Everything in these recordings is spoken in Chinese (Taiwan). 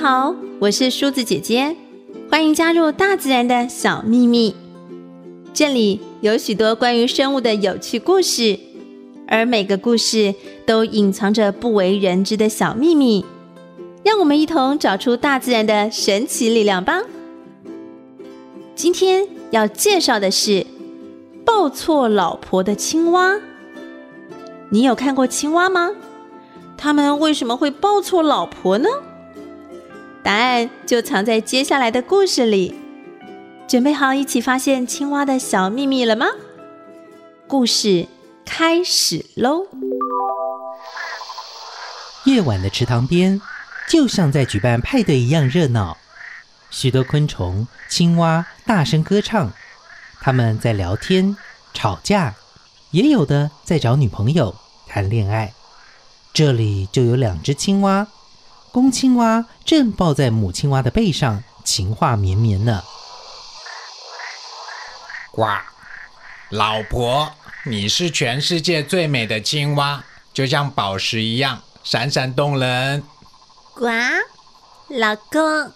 你好，我是梳子姐姐，歡迎加入大自然的小秘密。這裡有許多關於生物的有趣故事，而每個故事都隱藏着不為人知的小秘密。讓我們一同找出大自然的神奇力量吧。今天要介紹的是抱錯老婆的青蛙。你有看過青蛙嗎？它們為什麼會抱錯老婆呢？答案就藏在接下來的故事裡，準備好一起發現青蛙的小秘密了嗎？故事開始嘍！夜晚的池塘邊，就像在舉辦派對一樣熱鬧，許多昆蟲、青蛙大聲歌唱，牠們在聊天、吵架，也有的在找女朋友談戀愛。這裡就有兩只青蛙。公青蛙正抱在母青蛙的背上，情話綿綿呢。呱，老婆，你是全世界最美的青蛙，就像寶石一樣閃閃動人。呱，老公，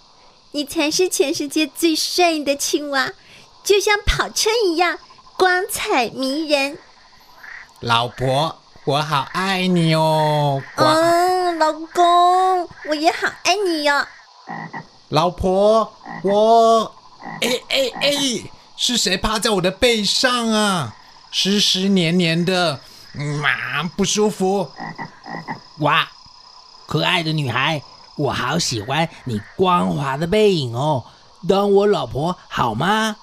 你才是全世界最帥的青蛙，就像跑車一樣、啊、光彩迷人。老婆，我好愛你哦。呱。哦老公，我也好愛你喲、哦。老婆，我，哎哎哎，是誰趴在我的背上啊？濕濕黏黏的，嗯，啊，不舒服。哇，可愛的女孩，我好喜歡你光滑的背影哦。當我老婆好嗎？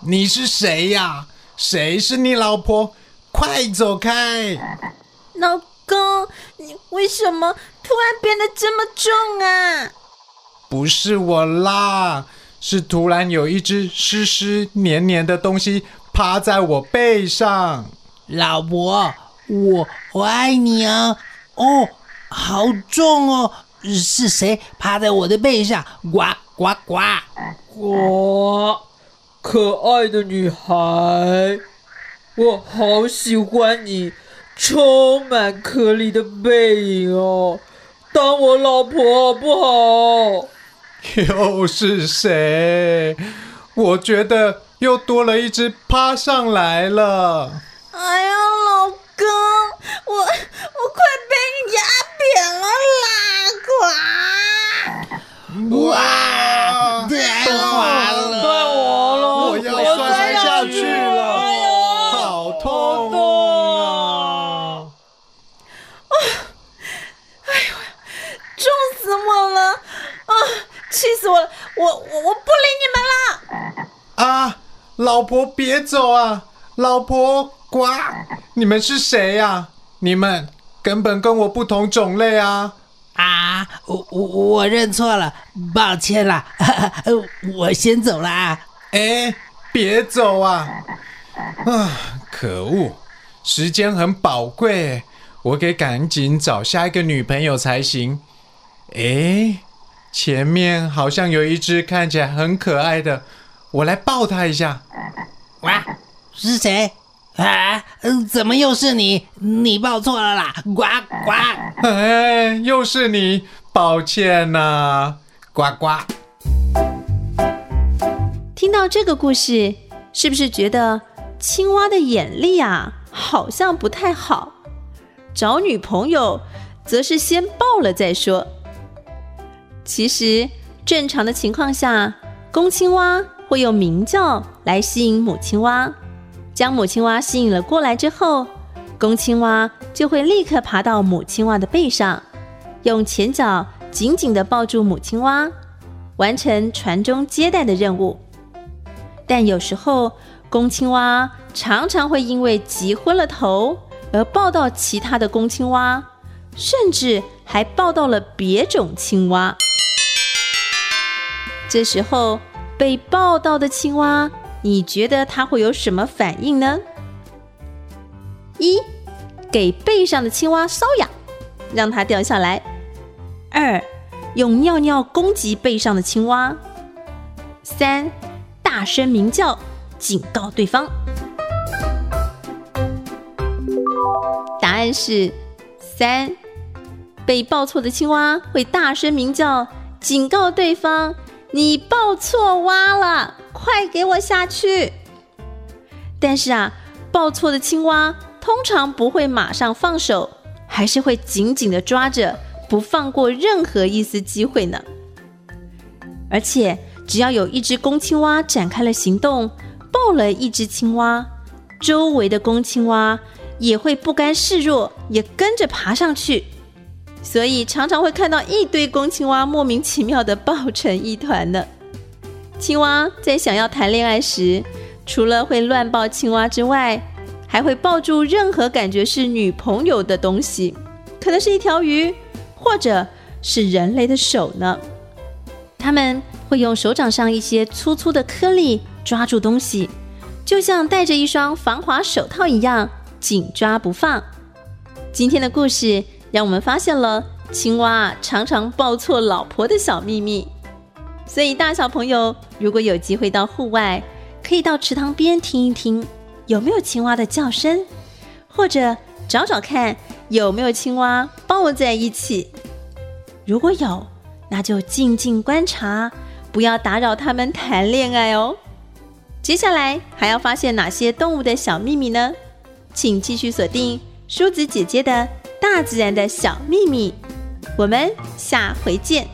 你是誰呀，啊？誰是你老婆？快走開！老公。你為什麼突然變得這麼重啊？不是我啦，是突然有一隻濕濕黏黏的東西趴在我背上。老婆，我我愛你啊！哦，好重哦！是誰趴在我的背上？呱呱呱呱，可愛的女孩，我好喜歡你。充滿顆粒的背影哦，當我老婆好不好？又是誰？我覺得又多了一隻趴上來了。哎呀，老公，我。我我我不理你們了啊！老婆別走啊！老婆，呱，你們是誰呀、啊？你們根本跟我不同種類啊！啊！我我我認錯了，抱歉了，我先走了、啊。哎、欸，別走啊！啊，可惡！時間很寶貴，我得趕緊找下一個女朋友才行。哎、欸。前面好像有一隻看起來很可愛的，我來抱它一下。哇，是誰？啊，怎麼又是你？你抱錯了啦！呱呱！哎，又是你，抱歉吶，啊！呱呱。聽到這個故事，是不是覺得青蛙的眼力啊，好像不太好？找女朋友，則是先抱了再說。其實，正常的情況下，公青蛙會用鳴叫來吸引母青蛙，將母青蛙吸引了過來之後，公青蛙就會立刻爬到母青蛙的背上，用前腳緊緊地抱住母青蛙，完成傳宗接代的任務。但有時候，公青蛙常常會因為急昏了頭而抱到其他的公青蛙。甚至還抱到了別種青蛙。這時候被抱到的青蛙，你覺得它會有什麼反應呢？一，給背上的青蛙搔癢，讓它掉下來；二，用尿尿攻擊背上的青蛙；三，大聲鳴叫，警告對方。答案是三。被抱錯的青蛙會大聲鳴叫，警告對方：“你抱錯蛙了，快給我下去！”但是啊，抱錯的青蛙通常不會馬上放手，還是會緊緊地抓着，不放過任何一絲機會呢。而且，只要有一隻公青蛙展開了行動，抱了一隻青蛙，周圍的公青蛙也會不甘示弱，也跟着爬上去。所以常常會看到一堆公青蛙莫名其妙的抱成一團呢。青蛙在想要談戀愛時，除了會亂抱青蛙之外，還會抱住任何感覺是女朋友的東西，可能是一條魚，或者是人類的手呢。他們會用手掌上一些粗粗的顆粒抓住東西，就像戴着一雙防滑手套一樣緊抓不放。今天的故事，讓我們發現了青蛙常常抱錯老婆的小祕密，所以大小朋友如果有機會到戶外，可以到池塘邊聽一聽有沒有青蛙的叫聲，或者找找看有沒有青蛙抱在一起。如果有，那就靜靜觀察，不要打擾他們談戀愛哦。接下來還要發現哪些動物的小祕密呢？請繼續鎖定種子姐姐的，大自然的小秘密，我們下回見。